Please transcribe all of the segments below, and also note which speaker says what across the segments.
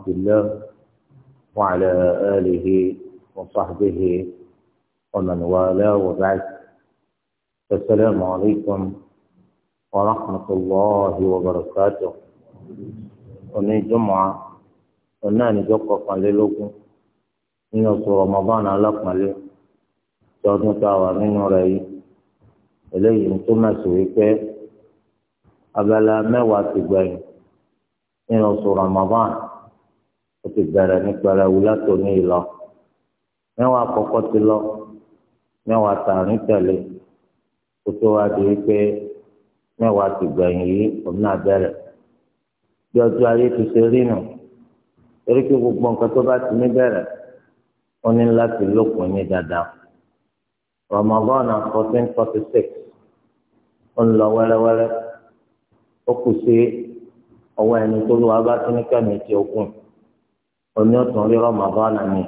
Speaker 1: عبد الله وعلى آله وصحبه ومن والاه وبعد السلام عليكم ورحمة الله وبركاته ومن جمعة قلنا نجوق قليلكم من رمضان على قليل تودن تاوى من رأي إليه انتم سويك أبلا ما واتقين من رمضان ó ti bẹ̀rẹ̀ ní pẹrẹwu látòní ìlọ mẹ́wàá àkọ́kọ́ ti lọ mẹ́wàá tààrin tẹ̀lé kó tó wá di wípé mẹ́wàá ti gbẹ̀yìn yìí òun náà bẹ̀rẹ̀ bí ọjọ́ ayé ti ṣe rí nù torí pé gbogbo nǹkan tó bá ti ní bẹ̀rẹ̀ ó ní láti lókun ní dáadáa Ramadan fourteen forty six ó ń lọ wẹ́rẹ́wẹ́rẹ́ ó kù sí ọwọ́ ẹni tó lù wá bá tún ní kẹ́mi ti okùn oní ọ̀tún rí rọmọbọ́nà mi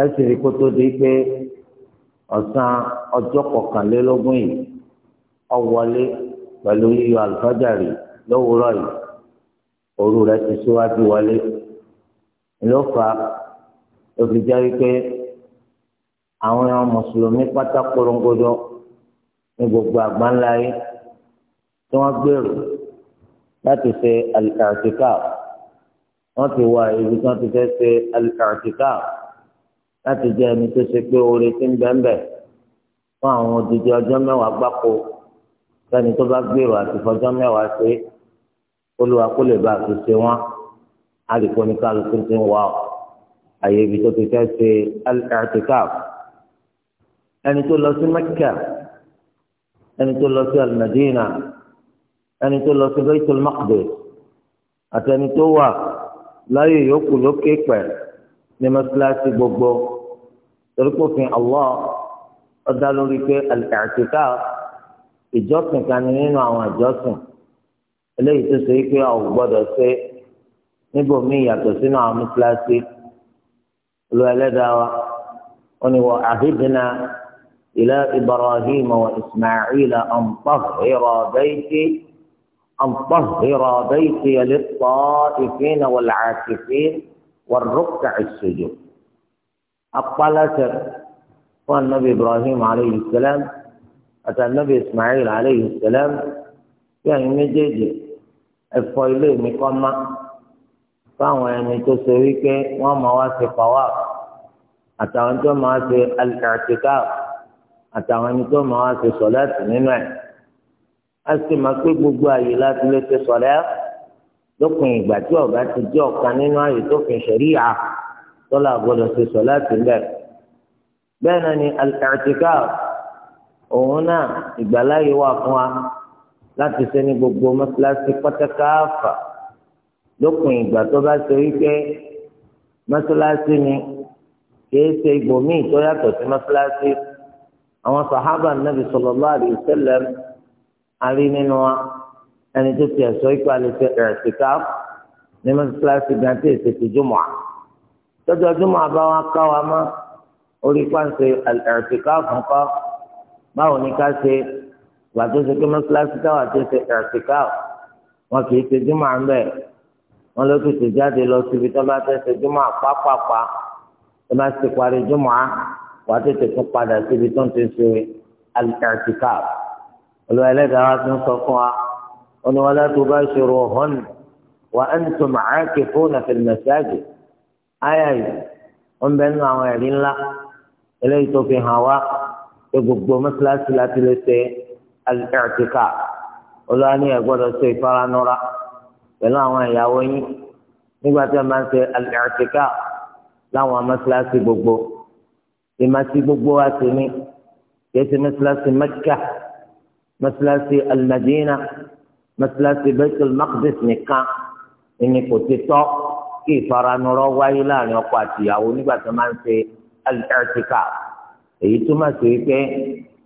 Speaker 1: ẹ sì rí kótó di pé ọ̀sán ọjọ́ kọkànlélógún yìí ó wọlé pẹ̀lú yíyọ àlùfájàrí lówùúrọ̀ yìí òru rẹ̀ ti síwájú wọlé ló fà á ló fi jẹ́ wípé àwọn mùsùlùmí pátá korongodo ní gbogbo àgbáńlá yìí tí wọ́n gbèrò láti ṣe àlùkàtìkà wọ́n ti wá ibi tí wọ́n ti fẹ́ ṣe àtìká láti jẹ́ ẹni tó ṣe pé oore ti ń bẹ́ńbẹ́ fún àwọn odidi ọjọ́ mẹ́wàá gbáko sẹ́ni tó bá gbèrò àti fọjọ́ mẹ́wàá ṣe olúwa kó lè bá àti ṣe wọ́n àlìkò ní kálukú ti ń wá ọ àyè ibi tó ti fẹ́ ṣe àtìká ẹni tó lọ sí Mẹ́kà ẹni tó lọ sí al ẹni tó lọ sí Baitul Maqdis àti ẹni tó wà láyé yòókù lókè pẹ̀ ní mọ́sálásí gbogbo torí pòfin Allah ọ̀dá lórí pé àtìká ìjọsìn kan nínú àwọn ìjọsìn eléyìí tó ṣe pé àwọn gbọ́dọ̀ ṣe níbòmíì yàtọ̀ sínú àwọn mọ́sálásí olú ẹlẹ́dàá wa ó ní àhídìnnà ila Ibrahim wa Isma'il an tahira bayti. أن طهر بيتي للطائفين والعاكفين والركع السجود أقبلت والنبي إبراهيم عليه السلام أتى النبي إسماعيل عليه السلام يعني مجد الفايلين مقامة فهو يعني تسويك وما ومواسي قواف أتى ما مواسي الاعتكاف أتى ما مواسي صلاة نمع a sì máa pé gbogbo àyè láti lè ṣe sọ̀rẹ́ lópin ìgbà tí ọ̀gá ti jẹ́ ọ̀kan nínú àyè tó fi ṣẹ̀ríyà tọ́lá gbọ́dọ̀ ṣe sọ láti lẹ̀. bẹ́ẹ̀ náà ni àtìká òun náà ìgbàláyè wà fún wa láti ṣe ní gbogbo mọ́sálásí pátákáfà lópin ìgbà tó bá ṣe wípé mọ́sálásí ni kìí ṣe ibòmíì tó yàtọ̀ sí mọ́sálásí àwọn sàhábà nàbì sallallahu alaihi àrí nínú wa ẹni tó ti ẹ̀sọ́ ikú alẹ́sẹ̀ ẹ̀sìká ní mọ́sálásí gan tí èsì ti jùmọ̀ à tọ́jú ọdúnmọ̀ àbá wa ká wa mọ́ orí pàǹsẹ̀ ẹ̀sìká kọ̀ọ̀kọ́ báwo ni ká ṣe ìgbà tó ṣe pé mọ́sálásí táwa ti ṣe ẹ̀sìká wọn kì í ṣe jùmọ̀ à ń bẹ̀ wọn ló tètè jáde lọ síbi tó bá fẹ́ ṣe jùmọ̀ àpápàpá tó bá ṣe parí jùmọ̀ à wàá tètè tún padà síbi tó ń ti ṣe ẹ̀sìká olùwà ẹlẹ́dàá wa ti ń sọ fún wa olùwàlá tó bá ṣòro ọ̀hún wà á ń tó màá ké fóònù àfẹnumẹ̀sáàjì ayà yìí ó ń bẹ nínú àwọn ẹ̀rí ńlá eléyìí tó fi hàn wá pé gbogbo mọ́sálásí láti lè ṣe àtìkà olùwà ni ẹ̀ gbọ́dọ̀ ṣe ìfaranura pẹ̀lú àwọn ìyàwó yín nígbà tí wọ́n máa ń ṣe àtìkà láwọn mọ́sálásí gbogbo ìmọ̀sí gbogbo wa ti ní kí ẹ ti mọ́sálásí Mẹ́kà mọ́sálásí alimadina mọ́sálásí baitul maqdis nìkan ẹni kò ti tọ́ kí ìfaranurọ́ wáyé láàrin ọkọ àtìyàwó nígbà tó máa ń ṣe al-i'tikaf èyí túmọ̀ sí wípé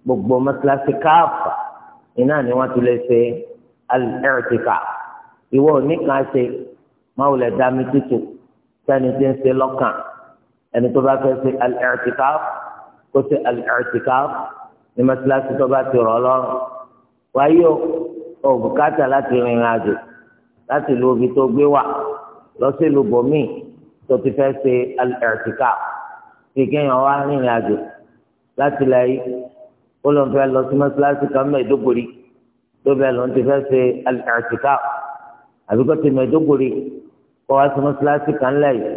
Speaker 1: gbogbo mọ́sálásí káàfà iná ni wọ́n ti lè ṣe al-i'tikaf ìwọ oníkan ṣe máa wulẹ̀ dá mi tútù ń ṣe lọ́kàn ẹni tó bá fẹ́ ṣe al kó ṣe al-i'tikaf ní tó bá ti rọ̀ lọ́rùn wáyé o bùkátà láti rìnrìn àjò láti lu omi tó gbé wà lọ sí ìlú bòmíì tó ti fẹ́ ṣe ẹ̀rtìkà kí kéèyàn wá rìnrìn àjò láti la yìí ó lọ́n fẹ́ lọ sí mọ́ṣáláṣí kan mẹ́ẹ̀ẹ́dógòrí tó bẹ́ẹ̀ lọ́n ti fẹ́ ṣe ẹ̀rtìkà àbíkó ti mẹ́ẹ̀ẹ́dógòrí kó wá sí mọ́ṣáláṣí kan lẹ́yìn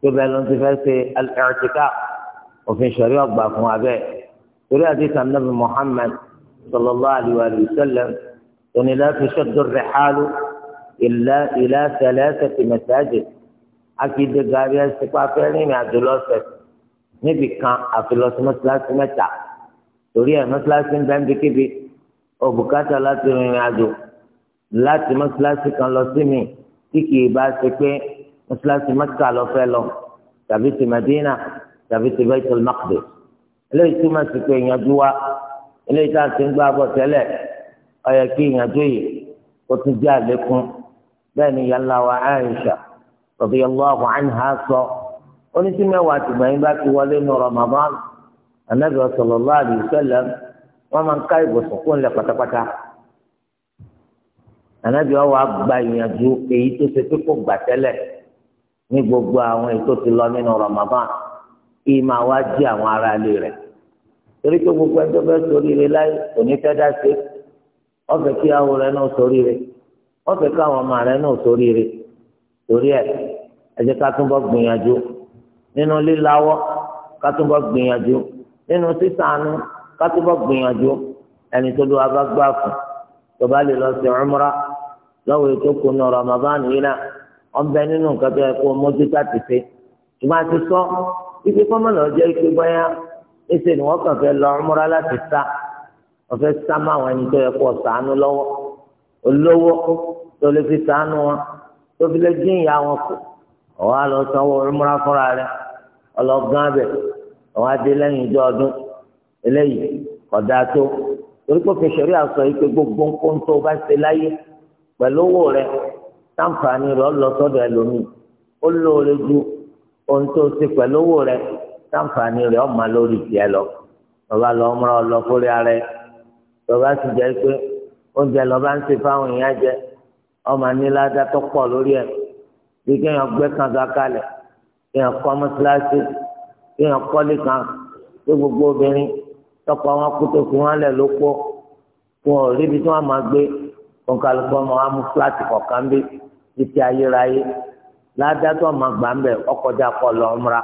Speaker 1: tó bẹ́ẹ̀ lọ́n ti fẹ́ ṣe ẹ̀rtìkà òfin ṣẹ̀rí ọgbà fún abẹ́ torí àti sàmúnàbí Muhammad. صلى الله عليه وآله وسلم أن لا تشد الرحال إلا إلى ثلاثة مساجد أكيد قارئ استقافيني مع دلوسة نبي كان أفلوس مسلاس متى تريد مسلاس بين بكبي أو بكاتا لا تريد عدو láti mọ́sálásí kan lọ sí mi tí kì í bá ṣe pé mọ́sálásí mẹ́kà lọ fẹ́ lọ tàbí ti Madina tàbí ti Baitul Maqdis eléyìí túmọ̀ sí eléyìí tá à ń ti ń gbọ́ abọ́ tẹ́lẹ̀ ó yẹ kí ìyànjú yìí ó tún jẹ́ àlékún bẹ́ẹ̀ ni yàrá wa Aisha radiyallahu anha sọ oníṣẹ́ mẹ́wàá tìgbà yín bá ti wọlé ní Ramadan anabi sallallahu alayhi wa wọ́n máa ń ká ìbùsùn kó ń pátápátá anabi gba èyí tó ṣe gbà tẹ́lẹ̀ ní gbogbo àwọn èyí tó ti lọ nínú Ramadan torí pé gbogbo ẹjọ́ fẹ́ sórí rẹ láì òní fẹ́ dá sí ọ̀fẹ́ kí àwọn rẹ náà sórí rẹ ọ̀fẹ́ kí àwọn ọmọ rẹ náà sórí rẹ torí ẹ ká túnbọ̀ gbìyànjú nínú líláwọ́ ká túnbọ̀ gbìyànjú nínú sísànú ká túnbọ̀ gbìyànjú ẹni tó fún tó bá lè lọ sí ẹsẹ̀ ni wọ́n kàn fẹ́ lọ ọmọra láti sá wọ́n fẹ́ sá má àwọn ẹni tó yẹ kó ṣàánú lọ́wọ́ olówó tó lè fi ṣàánú wọn tó fi lè dín ìyá wọn kù ọ̀wọ́ á lọ sanwó ọmọra fúnra rẹ ọlọ́gán abẹ ọ̀wọ́ adé lẹ́yìn ìjọ ọdún eléyìí kódà tó torí pé kẹsìrì àsọ yìí pé gbogbo nǹkan tó bá ṣe láyé pẹ̀lú owó rẹ táǹfààní rẹ ọ ẹlòmíì ó lóore ju ohun tó ṣe pẹ̀lú owó rẹ sáǹfààní rẹ̀ ọ̀ma lórí tiẹ̀ lọ lọ́ba lọ ọmọ ọlọ fúri ara ẹ̀ lọ́ba sì jẹ́ pé oúnjẹ lọ́ba ń ṣe fáwọn èèyàn jẹ ọmọ níládá tó pọ̀ lórí ẹ̀ bí kéèyàn gbé kànga kalẹ̀ kéèyàn kọ́ mọ́síláṣí kéèyàn kọ́lé kan tó gbogbo obìnrin tọpọ wọn kú tó fi wọn lẹ̀ ló pọ̀ wọn ò ríbi tí wọn máa gbé òǹkàlùkọ́ ọmọ wa mú fúláàtì kọ̀ọ̀kan bí títí ayérayé ládá tó máa gbà ń bẹ̀ ọkọjá kọ lọ́ọ́ mra.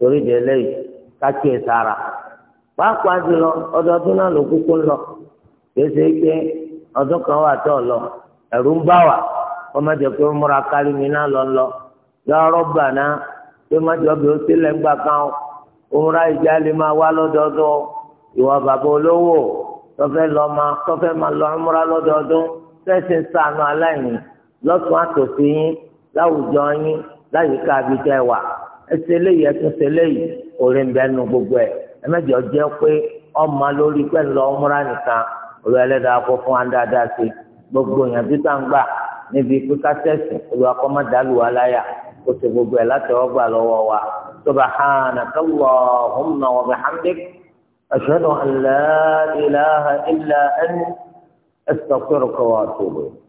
Speaker 1: torí di eléyìí kákì ìsara pàápàá jùlọ ọdọọdún náà ló kúkú ń lọ kéésì pé ọdún kan wà tó lọ ẹ̀rù ń bá wà pé múra kárí mi náà lọ lọ lọ́rọ́ bà náà pé mọ́jọ bí ó kan òmùra wá lọ́dọọdún ìwà bàbá olówó lọ máa máa lọ múra lọ́dọọdún sànù ẹsẹ eléyìí ẹtúnṣe eléyìí orí ń bẹ nu gbogbo ẹ ẹ má jẹ́ ọjẹ pé ọmọ lórí pẹ̀lú ọmúra nìkan olú ẹlẹ́dàá kó fún wa dáadáa sí gbogbo ìyànjú tá ń gbà níbi pípa sẹ́sì olú akọ́mọ dàlú aláyà kó ṣe gbogbo ẹ̀ látọwọ́gbà lọ́wọ́ wa subhanaka Allahumma wa bihamdik ashhadu an la ilaha illa anta astaghfiruka wa atubu ilayk.